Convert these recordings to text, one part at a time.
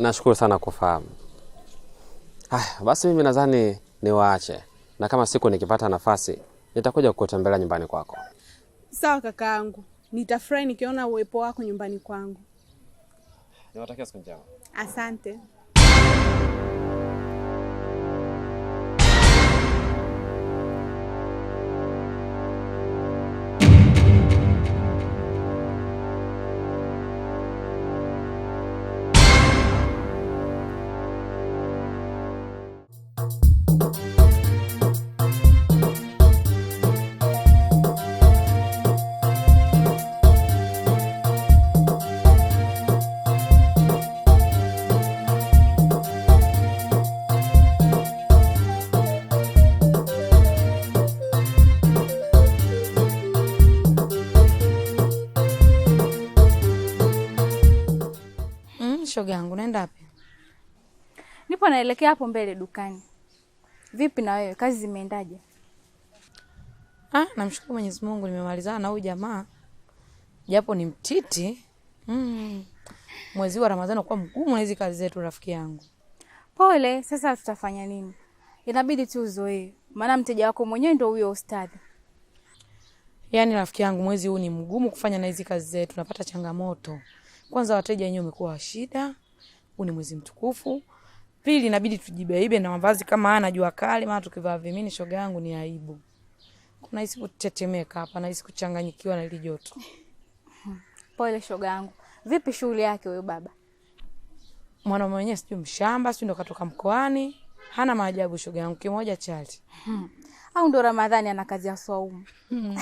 nashukuru sana kufahamu. Haya basi, mimi nadhani niwaache, na kama siku nikipata nafasi nitakuja kukutembelea nyumbani kwako. Sawa kakaangu, nitafurahi nikiona uwepo wako nyumbani kwangu. Niwatakia siku njema. Asante. shoga yangu, naenda wapi? Nipo naelekea hapo mbele dukani. Vipi na wewe, kazi zimeendaje? Ah, namshukuru Mwenyezi Mungu nimemalizana na huyu jamaa. Japo ni mtiti. Mm. Mwezi wa Ramadhani kwa mgumu na hizi kazi zetu rafiki yangu. Pole, sasa tutafanya nini? Inabidi tu uzoee. Maana mteja wako mwenyewe ndio huyo ustadhi. Yaani rafiki yangu mwezi huu ni mgumu kufanya na hizi kazi zetu, napata changamoto. Kwanza wateja wenyewe wamekuwa shida huu ni mwezi mtukufu. Pili inabidi tujibebe na mavazi kama haya najua kali, maana tukivaa vimini, shoga yangu, ni aibu. Kuna hisi kutetemeka hapa na hisi kuchanganyikiwa na ile joto. Pole shoga yangu. Vipi shughuli yake huyo baba? Mwanaume mwenyewe sijui mshamba, sijui ndo katoka mkoani. Hana maajabu shoga yangu, kimoja chali. Hmm. Au ndo Ramadhani ana kazi ya swaumu. Hmm.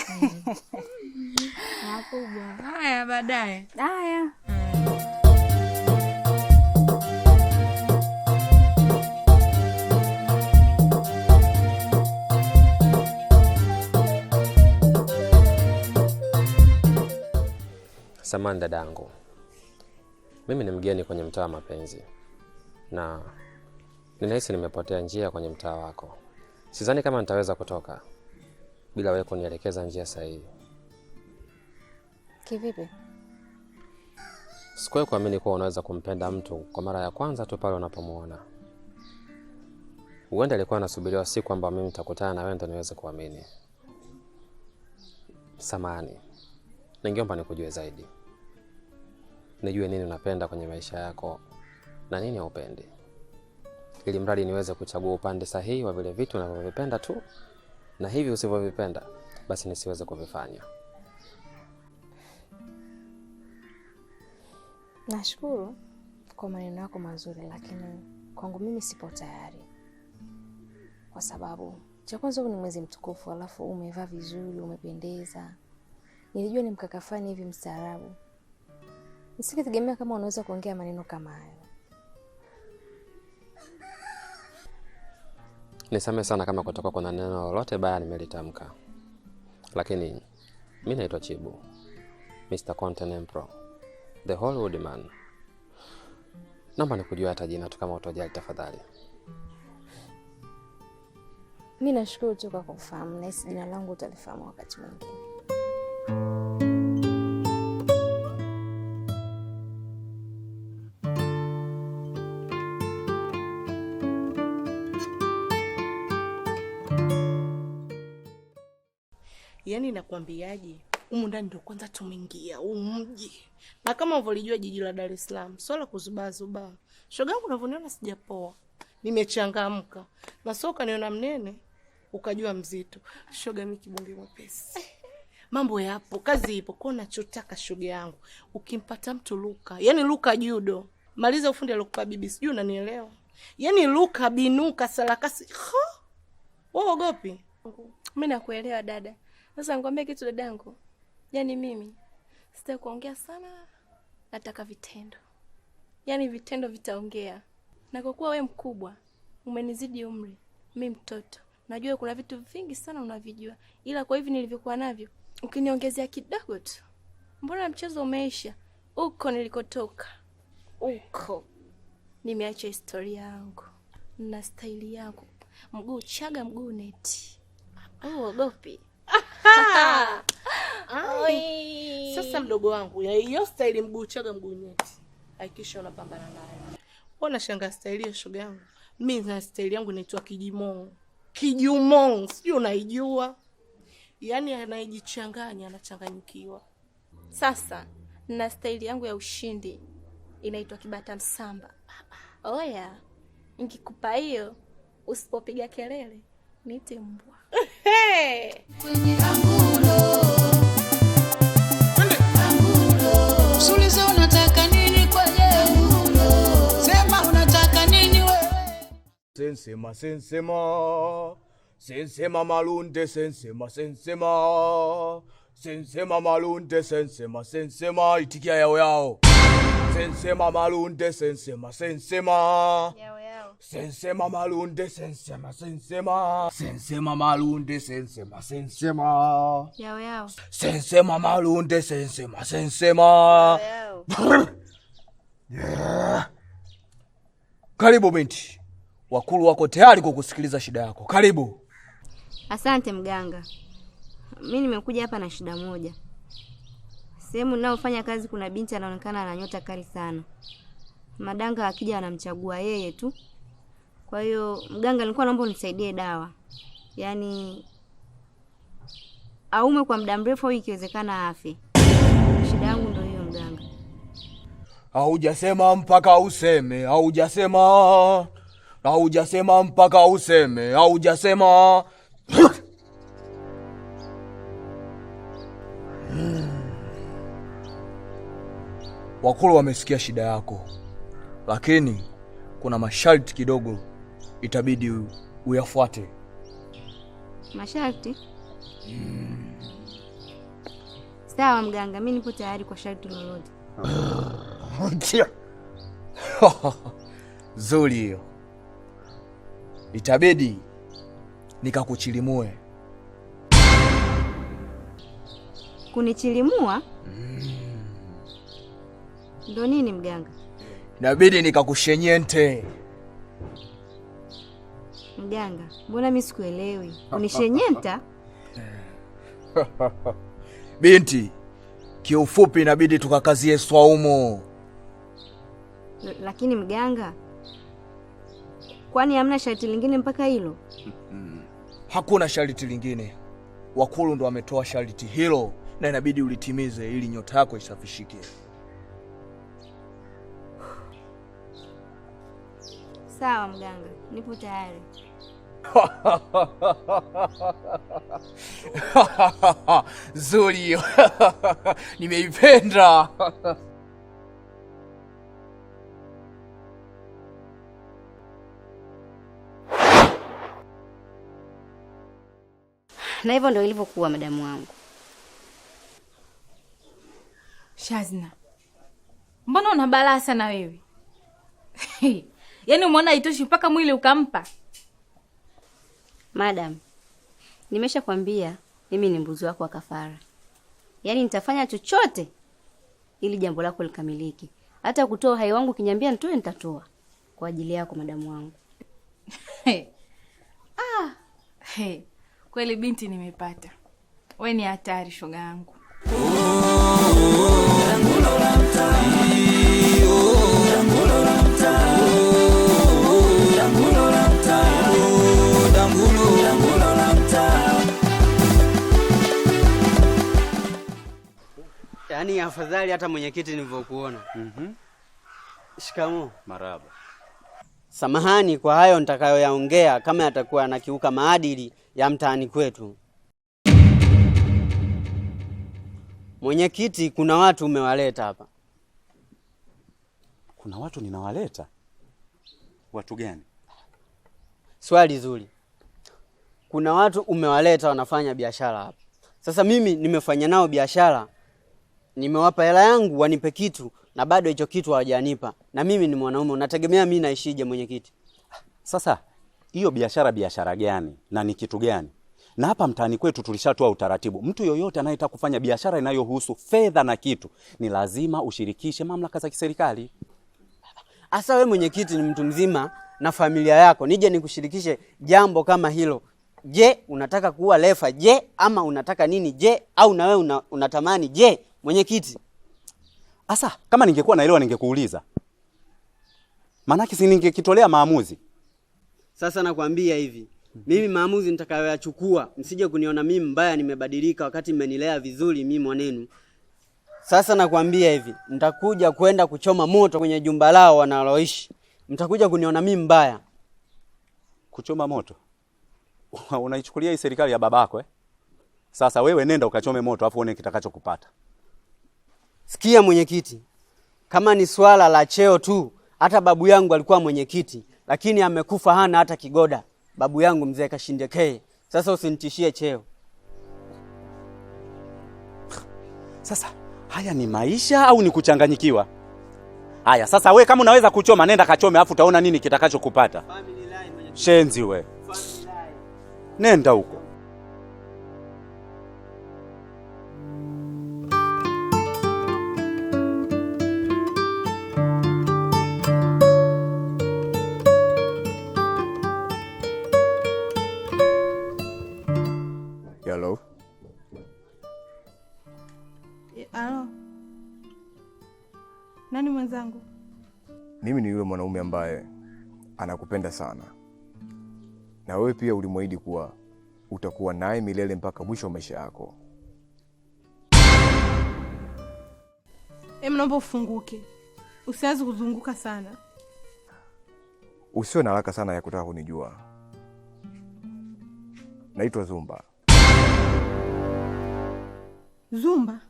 Haya baadaye. Haya. Samani dadangu, mimi ni mgeni kwenye mtaa wa mapenzi na ninahisi nimepotea njia kwenye mtaa wako. Sidhani kama nitaweza kutoka bila wewe kunielekeza njia sahihi. Kivipi? Sikuwahi kuamini kuwa unaweza kumpenda mtu kwa mara ya kwanza tu pale unapomwona. Huenda alikuwa anasubiriwa si kwamba mimi nitakutana na wewe ndo niweze kuamini. Samahani, ningeomba nikujue zaidi, nijue nini unapenda kwenye maisha yako na nini haupendi, ili mradi niweze kuchagua upande sahihi wa vile vitu unavyovipenda tu, na hivi usivyovipenda basi nisiweze kuvifanya. Nashukuru kwa maneno yako mazuri, lakini kwangu mimi sipo tayari, kwa sababu cha kwanza ni mwezi mtukufu, alafu umevaa vizuri, umependeza. Nilijua ni mkaka hivi mstaarabu, nisikitegemea kama unaweza kuongea maneno kama hayo. Nisamehe sana kama kutoka kuna neno lolote baya nimelitamka, lakini mi naitwa Chibu, Mr. Content Pro. The Hollywood Man. Naomba nikujua hata jina tu kama utojali tafadhali. Mimi nashukuru tu kwa kufahamu, na jina langu utalifahamu wakati mwingine. Yaani nakwambiaje, Humu ndani ndio kwanza tumeingia huu mji, na kama ulivyojua jiji la Dar es Salaam swala kuzubaa zubaa, shoga yangu, unavyoniona sijapoa, nimechangamka na sio ukaniona mnene ukajua mzito. Shoga mimi kibonge mwepesi, mambo yapo, kazi ipo. Kwa unachotaka shoga yangu, ukimpata mtu Luka, yani Luka judo, maliza ufundi aliokupa bibi, sijui unanielewa, yani Luka binuka sarakasi, wewe ogopi? Mimi nakuelewa dada. Sasa ngwambie kitu dadangu Yaani mimi sitaki kuongea sana, nataka vitendo. Yaani vitendo vitaongea, na kwa kuwa we mkubwa umenizidi umri, mi mtoto, najua kuna vitu vingi sana unavijua, ila kwa hivi nilivyokuwa navyo, ukiniongezea kidogo tu, mbona mchezo umeisha. Huko nilikotoka huko nimeacha historia yangu na staili yangu, mguu chaga mguu neti, uogopi Sasa mdogo wangu, hiyo staili mguu chaga mguu nyeti. Hakikisha unapambana nayo. Ona shanga staili ya shoga yangu. Mimi na staili yangu inaitwa Kijimong. Kijumong, sijui unaijua? Yaani anajichanganya, anachanganyikiwa. Sasa na staili yangu ya ushindi inaitwa Kibata Msamba. Oya, nikikupa hiyo usipopiga kelele nite mbwa. Hey! Kwenye angulo sensema sensema sensema malunde sensema sensema sensema malunde sensema sensema itikia yao yao sensema malunde sensema sensema sensema malunde sensema sensema sensema malunde sensema sensema sensema malunde sensema sensema karibu binti Wakulu wako tayari kukusikiliza shida yako. Karibu. Asante mganga. Mimi nimekuja hapa na shida moja. Sehemu ninayofanya kazi kuna binti anaonekana ana nyota kali sana. Madanga akija anamchagua yeye tu. Kwa hiyo mganga, nilikuwa naomba unisaidie dawa, yaani aume kwa muda mrefu au ikiwezekana afe. Shida yangu ndio hiyo mganga. Haujasema mpaka useme, haujasema haujasema mpaka useme, haujasema hmm. Wakulu wamesikia shida yako, lakini kuna masharti kidogo itabidi uyafuate. Masharti? Hmm. Sawa mganga, mimi nipo tayari kwa sharti lolote. Zuri hiyo itabidi nikakuchilimue. Kunichilimua? Mm. Ndo nini mganga? Inabidi nikakushenyente. Mganga, mbona mimi sikuelewi? Unishenyenta? Binti, kiufupi inabidi tukakazie swaumo. Lakini mganga Kwani hamna sharti lingine mpaka hilo? Hakuna sharti lingine. Wakulu ndo wametoa sharti hilo na inabidi ulitimize ili nyota yako isafishike. Sawa mganga, nipo tayari. Zuri Nimeipenda. na hivyo ndio ilivyokuwa, madamu wangu. Shazna, mbona una balaa sana wewe? Yaani umeona haitoshi mpaka mwili ukampa? Madam, nimeshakwambia mimi ni mbuzi wako wa kafara, yaani nitafanya chochote ili jambo lako likamilike. Hata kutoa uhai wangu kinyambia nitoe, nitatoa kwa ajili yako madamu wangu. Ah, hey. Kweli binti nimepata, we ni hatari shoga yangu. Yaani afadhali hata mwenyekiti nilivyokuona. mm -hmm. Shikamoo. Samahani kwa hayo nitakayoyaongea kama yatakuwa yanakiuka maadili ya mtaani kwetu. Mwenyekiti, kuna watu umewaleta hapa. Kuna watu ninawaleta? Watu gani? Swali zuri. Kuna watu umewaleta wanafanya biashara hapa. Sasa mimi nimefanya nao biashara, nimewapa hela yangu wanipe kitu, na bado hicho kitu hawajanipa, na mimi ni mwanaume, unategemea mimi naishije mwenyekiti? Sasa hiyo biashara biashara gani na ni kitu gani? Na hapa mtaani kwetu tulishatoa utaratibu, mtu yoyote anayetaka kufanya biashara inayohusu fedha na kitu ni lazima ushirikishe mamlaka za kiserikali. Hasa wewe mwenyekiti ni mtu mzima na familia yako, nije nikushirikishe jambo kama hilo? Je, unataka kuwa lefa? Je, ama unataka nini? Je, au na wewe una, unatamani je, mwenyekiti? Asa, kama ningekuwa naelewa ningekuuliza. Maanake si ningekitolea maamuzi. Sasa nakwambia hivi, mimi maamuzi nitakayoyachukua, msije kuniona mimi mbaya nimebadilika wakati mmenilea vizuri mimi mwanenu. Sasa nakwambia hivi, nitakuja kwenda kuchoma moto kwenye jumba lao wanaloishi. Mtakuja kuniona mimi mbaya. Kuchoma moto? Unaichukulia hii serikali ya babako eh? Sasa wewe nenda ukachome moto afu uone kitakachokupata. Sikia mwenyekiti, kama ni swala la cheo tu, hata babu yangu alikuwa mwenyekiti, lakini amekufa, hana hata kigoda. Babu yangu mzee kashindekee Sasa usinitishie cheo. Sasa haya ni maisha au ni kuchanganyikiwa? Haya sasa, we kama unaweza kuchoma, nenda kachome, afu utaona nini kitakachokupata. Shenzi we, nenda huko. Hello. Eh, halo. Nani mwenzangu? Mimi ni yule mwanaume ambaye anakupenda sana, na wewe pia ulimwahidi kuwa utakuwa naye milele mpaka mwisho wa maisha yako. Em, naomba ufunguke, usianze kuzunguka sana, usiwe na haraka sana ya kutaka kunijua. Naitwa Zumba. Zumba,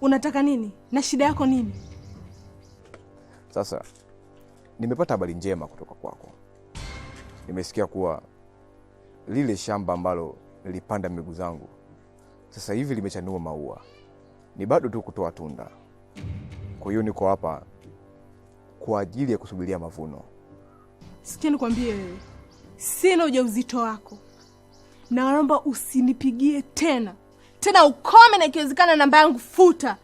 unataka nini na shida yako nini? Sasa nimepata habari njema kutoka kwako. Nimesikia kuwa lile shamba ambalo nilipanda mbegu zangu sasa hivi limechanua maua, ni bado tu kutoa tunda. Kwa hiyo niko hapa kwa ajili ya kusubiria mavuno. Sikia nikwambie, wewe sina ujauzito wako naomba usinipigie tena tena, ukome, na ikiwezekana namba yangu futa.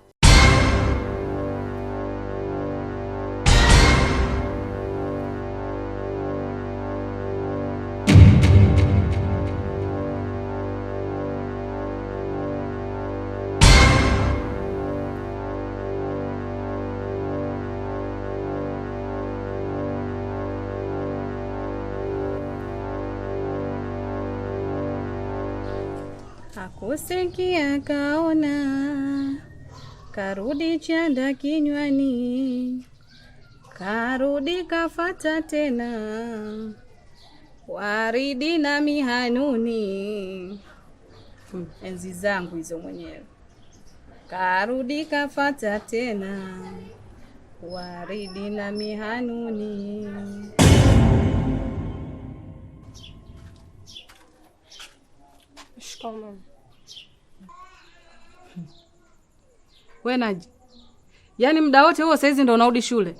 Akusikia kaona, karudi chanda kinywani, karudi kafata tena waridi na mihanuni. Hmm, enzi zangu hizo mwenyewe. Karudi kafata tena waridi na mihanuni. Shikamoo. We Naji, yaani muda wote huo saizi ndo unarudi shule?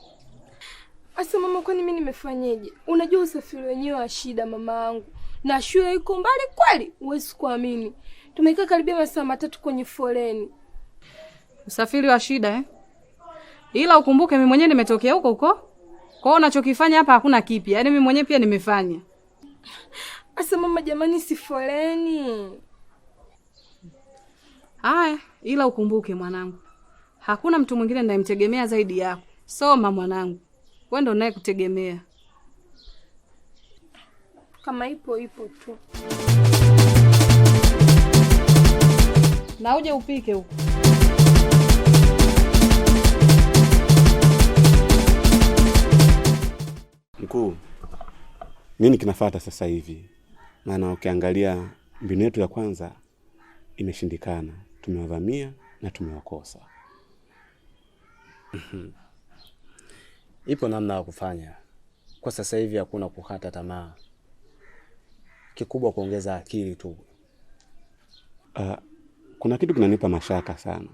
Asa mama, kwani mimi nimefanyeje? Unajua usafiri wenyewe wa shida mama yangu, na shule iko mbali kweli, huwezi kuamini. Tumekaa karibia masaa matatu kwenye foleni. Usafiri wa shida eh? Ila ukumbuke mimi mwenyewe nimetokea huko huko. Kwa hiyo unachokifanya hapa hakuna kipya. Yaani mimi mwenyewe pia nimefanya. Asa mama, jamani, si foleni. Aya, ila ukumbuke mwanangu, Hakuna mtu mwingine ninayemtegemea zaidi yako. Soma mwanangu, wewe ndio naye kutegemea. Kama ipo ipo tu, na uje upike huko. Mkuu, nini kinafata sasa hivi? Maana ukiangalia mbinu yetu ya kwanza imeshindikana, tumewavamia na tumewakosa. Mhm. Ipo namna ya kufanya kwa sasa hivi, hakuna kukata tamaa, kikubwa kuongeza akili tu. Uh, kuna kitu kinanipa mashaka sana,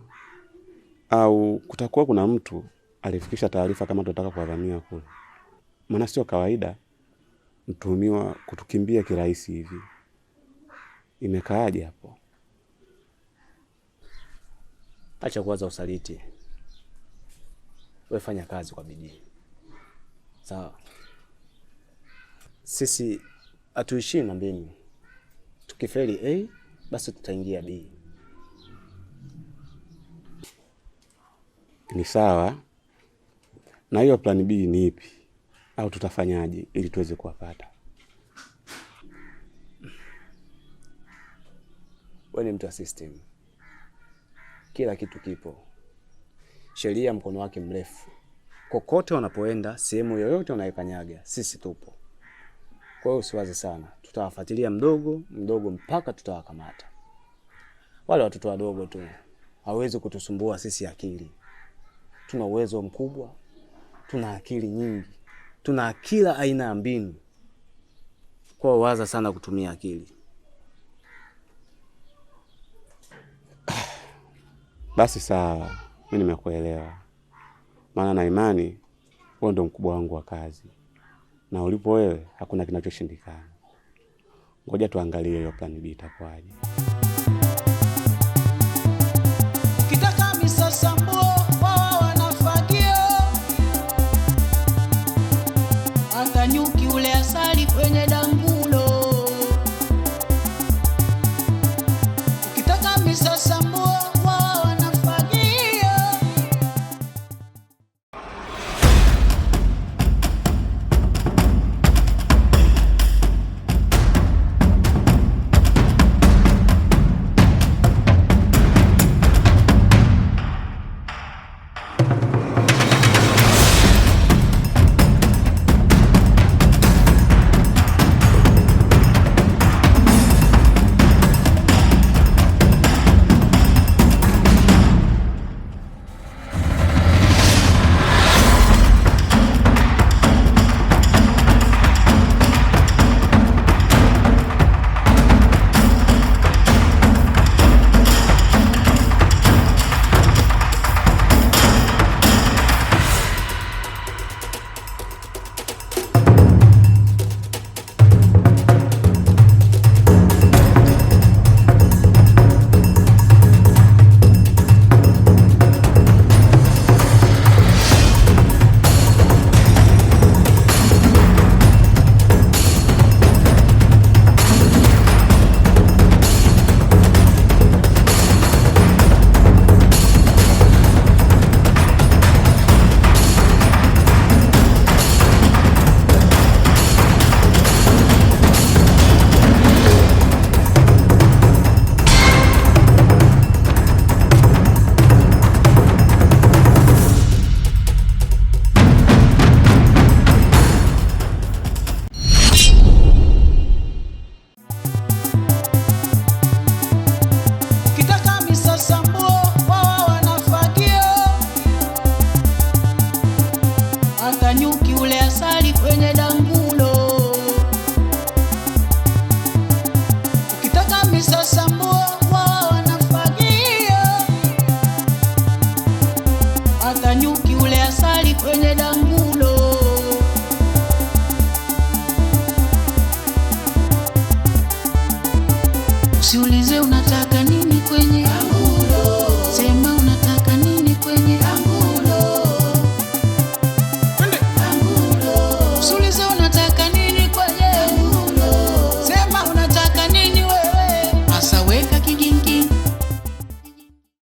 au kutakuwa kuna mtu alifikisha taarifa kama tunataka kuwavamia kule, maana sio kawaida mtuhumiwa kutukimbia kirahisi hivi. Imekaaje hapo? Acha kuwaza usaliti wewe fanya kazi kwa bidii, sawa? Sisi hatuishii na mbinu. Tukifeli A basi tutaingia B. Ni sawa. Na hiyo plan B ni ipi, au tutafanyaje ili tuweze kuwapata? Wewe ni mtu wa system, kila kitu kipo sheria mkono wake mrefu. Kokote wanapoenda, sehemu yoyote wanayokanyaga, sisi tupo. Kwa hiyo usiwaze sana, tutawafuatilia mdogo mdogo mpaka tutawakamata. Wale watoto wadogo tu hawezi kutusumbua sisi akili. Tuna uwezo mkubwa, tuna akili nyingi, tuna kila aina ya mbinu. Kwa waza sana kutumia akili. Basi sawa mi nimekuelewa, maana na imani wewe ndo mkubwa wangu wa kazi, na ulipo wewe hakuna kinachoshindikana. Ngoja tuangalie hiyo plan B itakwaje.